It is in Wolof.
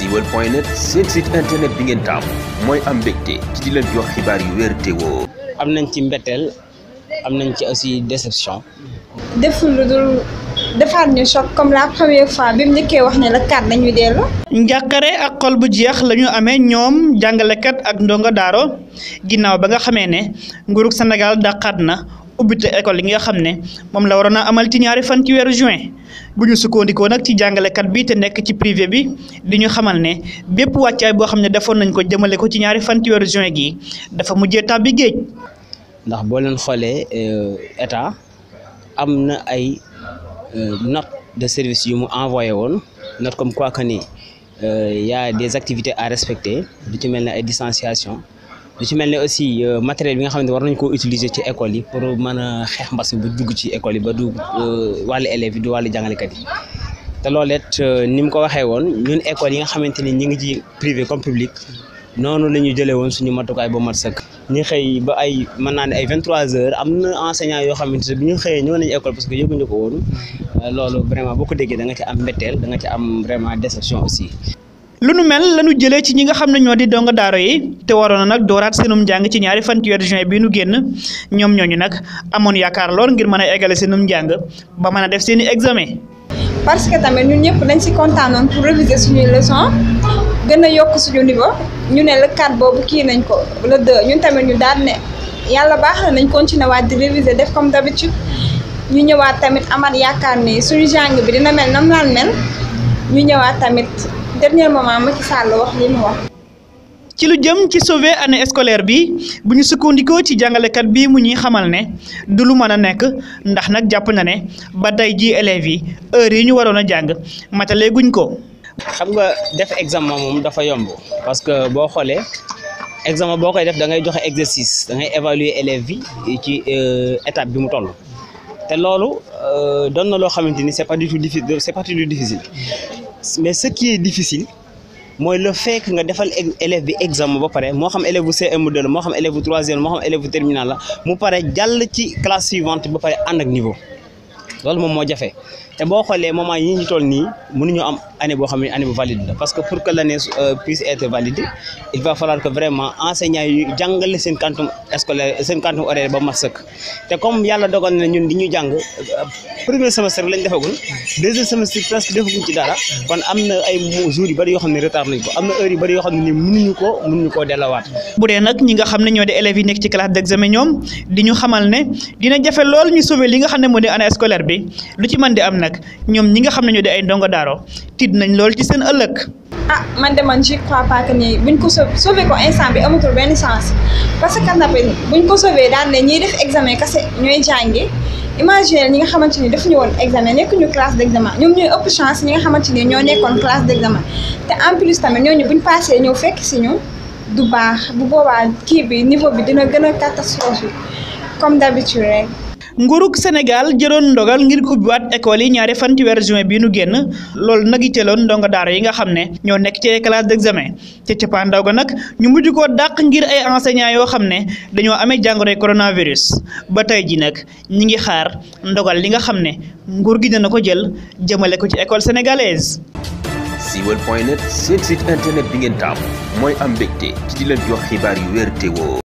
Siweul.net seen site internet bi ngeen taamu mooy am mbégte ci di leen jox xibaar yu wér te woo. am nañ ci mbetteel am nañ ci aussi déception. deful lu dul defaat ñu choc comme la première fois bi mu njëkkee wax ne la kat nañu dellu. njàqare ak xol bu jeex lañu amee ñoom jàngalekat ak ndongo daaro ginnaaw ba nga xamee ne nguurug senegal dàqaat na. ubbite école yi nga xam ne moom la waroon a amal ci ñaari fan ci weeru juin bu ñu sukkandikoo nag ci jàngalekat bi te nekk ci privé bi di ñu xamal ne bépp wàccaay boo xam ne defoon nañ ko jëmale ko ci ñaari fan ci weeru juin gi dafa mujjee tàbbi géej. ndax boo leen xoolee euh, état am na ay euh, note de service yu mu envoyé woon note comme quoi que nii euh, y a des activités à respecter du ci mel ne ay distanciation. lu ci mel ne aussi euh, matériel bi nga xamante war nañ koo utiliser ci école yi pour mën a xeex mbas bu dugg ci école yi ba du euh, wàllu élèves yi du wàllu jàngalekat yi te loolu it euh, ni mu ko waxee woon ñun école yi nga xamante ni ñu ngi ci privé comme public noonu la ñu jëlee woon suñu matukaay ba mat sëkk ñu xëy ba ay mën naa ne ay vingt trois am na enseignant yoo xamante ne bi ñu xëyee ñëw nañu école parce que yëguñu ko woon loolu vraiment boo ko déggee da ci am mbetteel da nga ci am vraiment déception aussi lu nu mel la nu jëlee ci ñi nga xam ne ñoo di donga daaro yi te waroon na nag dooraat seenum njàng ci ñaari fan ci weeru bi nu génn ñoom ñooñu nag amoon yaakaar lool ngir mën a eggale seenum njàng ba mën a def seeni examen. parce que tamit ñun ñëpp dañ si kontaanoon pour réviser suñuy leçon gën a yokk suñu niveau ñu ne le 4 boobu kii nañ ko le 2 ñun tamit ñu daal ne yàlla baax na nañ continuer waat di def comme d'habitude ñu ñëwaat tamit amaat yaakaar ni suñu jàng bi dina mel nam laan mel ñu ñëwaat tamit. dernier moment Macky ci lu jëm ci sauver année scolaire bi bu ñu sukkandikoo ci jàngalekat bi mu ñuy xamal ne du lu mën a nekk ndax nag jàpp na ne ba tey ji élèves yi heure yi ñu waroon a jàng matale guñ ko. xam nga def examen moom dafa yomb parce que boo xoolee examen boo koy def da ngay joxe exercice da ngay évaluer élèves bi ci euh, étape bi mu toll te loolu euh, dan na loo xamante ni c'est pas du tout difficile c'est pas du tout difficile mais ce qui est difficile mooy le fait nga defal e-, élève bi examen ba pare moo xam élève bu cm moo xam élève bu troisième moo xam élève terminal la mu pare jàll ci classe suivante ba pare ànd ak niveau loolu moom moo jafe te boo xoolee moment yi ñu toll nii mënuñu am année boo xam ne année bu valide la parce que pour que ne euh, puisse être validée il va falloir que vraiment enseignants yi jàngale seen quantum scolaire seen quantum horaire ba mat sëkk te comme yàlla dogal na ñun di ñu jàng premier semestre lañ defagul deuxième semestre presque defaguñ ci dara kon am na ay jours yu bëri yoo xam ne retard nañ ko am na heure yu yoo xam ne ni mënuñu ko mënuñu koo dellawaat bu dee nag ñi nga xam ne ñoo di élèves yi nekk ci classe d'examen ñoom ñoom ñi nga xam ne ñoo di ay ndongo daaro tiit nañ lool ci seen ëllëg ah man de man je crois pas que buñ ko sauvé ko instant bi amatul benn sens parce que nag buñ ko sauvé daan ne ñiy def imaginer ñi nga xamante ni defuñu woon examen nekkuñu classe d' examen ñoom ñuy ëpp chance ñi nga xamante ñoo nekkoon classe d' examen te en plus tamit ñooñu buñ passé ñëw fekk si ñu du baax bu boobaa kii bi niveau bi dina gën a catastrophe comme d' habitude rek. nguurug Sénégal jëloon ndogal ngir ubbiwaat école yi ñaari fan ci weeru juin bii nu génn loolu nag yitteeloon ndongo daara yi nga xam ne ñoo nekk ci classe d'examen te ca pandaw ga nag ñu mujj ko dàq ngir ay enseignants yoo xam ne dañoo amee jàngoroy coronavirus ba tey ji nag ñi ngi xaar ndogal li nga xam ne nguur gi dina ko jël jëmale ko ci école sénégalaise. Siweul.net internet bi ngeen taamu mooy am mbégte ci di leen jox xibaar yu wér woo